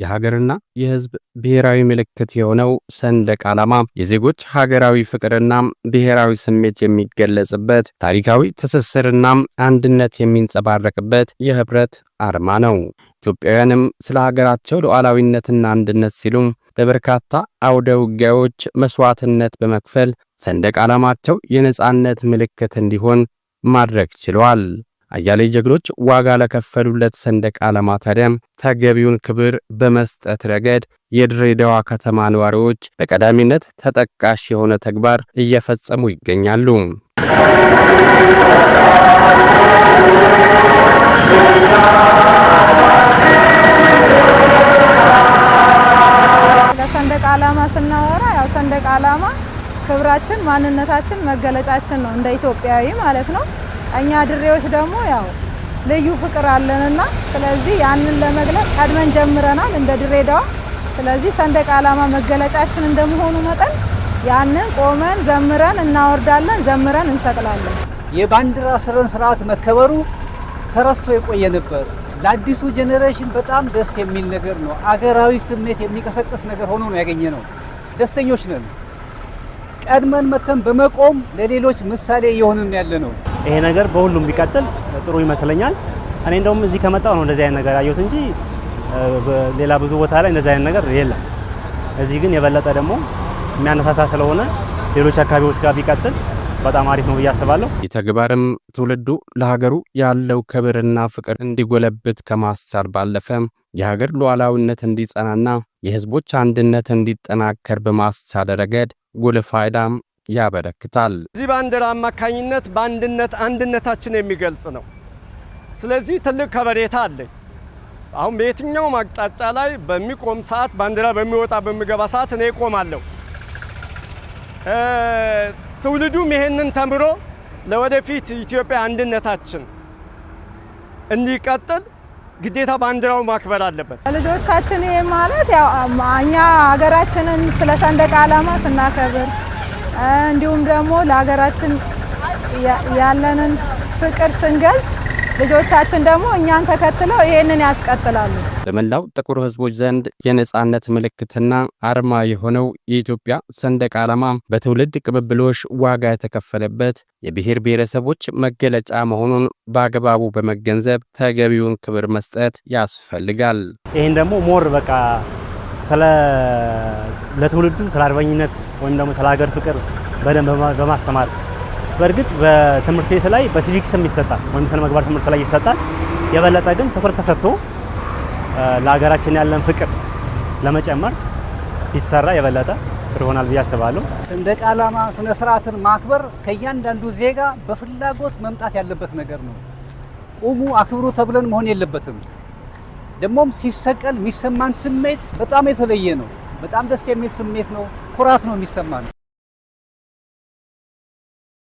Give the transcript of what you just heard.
የሀገርና የህዝብ ብሔራዊ ምልክት የሆነው ሰንደቅ ዓላማ የዜጎች ሀገራዊ ፍቅርና ብሔራዊ ስሜት የሚገለጽበት ታሪካዊ ትስስርና አንድነት የሚንጸባረቅበት የህብረት አርማ ነው። ኢትዮጵያውያንም ስለ ሀገራቸው ሉዓላዊነትና አንድነት ሲሉ በበርካታ አውደ ውጊያዎች መስዋዕትነት በመክፈል ሰንደቅ ዓላማቸው የነፃነት ምልክት እንዲሆን ማድረግ ችሏል። አያሌ ጀግኖች ዋጋ ለከፈሉለት ሰንደቅ ዓላማ ታዲያም ተገቢውን ክብር በመስጠት ረገድ የድሬዳዋ ከተማ ነዋሪዎች በቀዳሚነት ተጠቃሽ የሆነ ተግባር እየፈጸሙ ይገኛሉ። ለሰንደቅ ዓላማ ስናወራ ያው ሰንደቅ ዓላማ ክብራችን፣ ማንነታችን፣ መገለጫችን ነው እንደ ኢትዮጵያዊ ማለት ነው። እኛ ድሬዎች ደግሞ ያው ልዩ ፍቅር አለንና ስለዚህ ያንን ለመግለጽ ቀድመን ጀምረናል እንደ ድሬዳዋ። ስለዚህ ሰንደቅ ዓላማ መገለጫችን እንደመሆኑ መጠን ያንን ቆመን ዘምረን እናወርዳለን፣ ዘምረን እንሰቅላለን። የባንዲራ ስረን ስርዓት መከበሩ ተረስቶ የቆየ ነበር። ለአዲሱ ጄኔሬሽን በጣም ደስ የሚል ነገር ነው። አገራዊ ስሜት የሚቀሰቅስ ነገር ሆኖ ነው ያገኘ ነው። ደስተኞች ነን። ቀድመን መተን በመቆም ለሌሎች ምሳሌ እየሆንን ያለ ነው። ይሄ ነገር በሁሉም ቢቀጥል ጥሩ ይመስለኛል። እኔ እንደውም እዚህ ከመጣው ነው እንደዚህ አይነት ነገር ያየሁት እንጂ ሌላ ብዙ ቦታ ላይ እንደዚህ አይነት ነገር የለም። እዚህ ግን የበለጠ ደግሞ የሚያነሳሳ ስለሆነ ሌሎች አካባቢዎች ጋር ቢቀጥል በጣም አሪፍ ነው ብዬ አስባለሁ። ይህ ተግባርም ትውልዱ ለሀገሩ ያለው ክብርና ፍቅር እንዲጎለብት ከማስቻል ባለፈ የሀገር ሉዓላዊነት እንዲጸናና የህዝቦች አንድነት እንዲጠናከር በማስቻል ረገድ ጉልህ ፋይዳም ያበረክታል። እዚህ ባንዲራ አማካኝነት በአንድነት አንድነታችን የሚገልጽ ነው። ስለዚህ ትልቅ ከበሬታ አለኝ። አሁን በየትኛውም አቅጣጫ ላይ በሚቆም ሰዓት ባንዲራ በሚወጣ በሚገባ ሰዓት እኔ እቆማለሁ። ትውልዱም ይሄንን ተምሮ ለወደፊት ኢትዮጵያ አንድነታችን እንዲቀጥል ግዴታ ባንዲራው ማክበር አለበት። ልጆቻችን ማለት ያው እኛ ሀገራችንን ስለ ሰንደቅ ዓላማ ስናከብር እንዲሁም ደግሞ ለሀገራችን ያለንን ፍቅር ስንገልጽ ልጆቻችን ደግሞ እኛን ተከትለው ይህንን ያስቀጥላሉ። በመላው ጥቁር ሕዝቦች ዘንድ የነጻነት ምልክትና አርማ የሆነው የኢትዮጵያ ሰንደቅ ዓላማ በትውልድ ቅብብሎሽ ዋጋ የተከፈለበት የብሔር ብሔረሰቦች መገለጫ መሆኑን በአግባቡ በመገንዘብ ተገቢውን ክብር መስጠት ያስፈልጋል። ይህን ደግሞ ሞር በቃ ለትውልዱ ስለ አርበኝነት ወይም ደግሞ ስለ ሀገር ፍቅር በደንብ በማስተማር በእርግጥ በትምህርት ቤት ላይ በሲቪክስም ይሰጣል ወይም ስነ ምግባር ትምህርት ላይ ይሰጣል። የበለጠ ግን ትኩረት ተሰጥቶ ለሀገራችን ያለን ፍቅር ለመጨመር ቢሰራ የበለጠ ጥሩ ይሆናል ብዬ አስባለሁ። ሰንደቅ ዓላማ ስነ ስርዓትን ማክበር ከእያንዳንዱ ዜጋ በፍላጎት መምጣት ያለበት ነገር ነው። ቁሙ አክብሩ ተብለን መሆን የለበትም። ደግሞም ሲሰቀል የሚሰማን ስሜት በጣም የተለየ ነው። በጣም ደስ የሚል ስሜት ነው። ኩራት ነው የሚሰማን።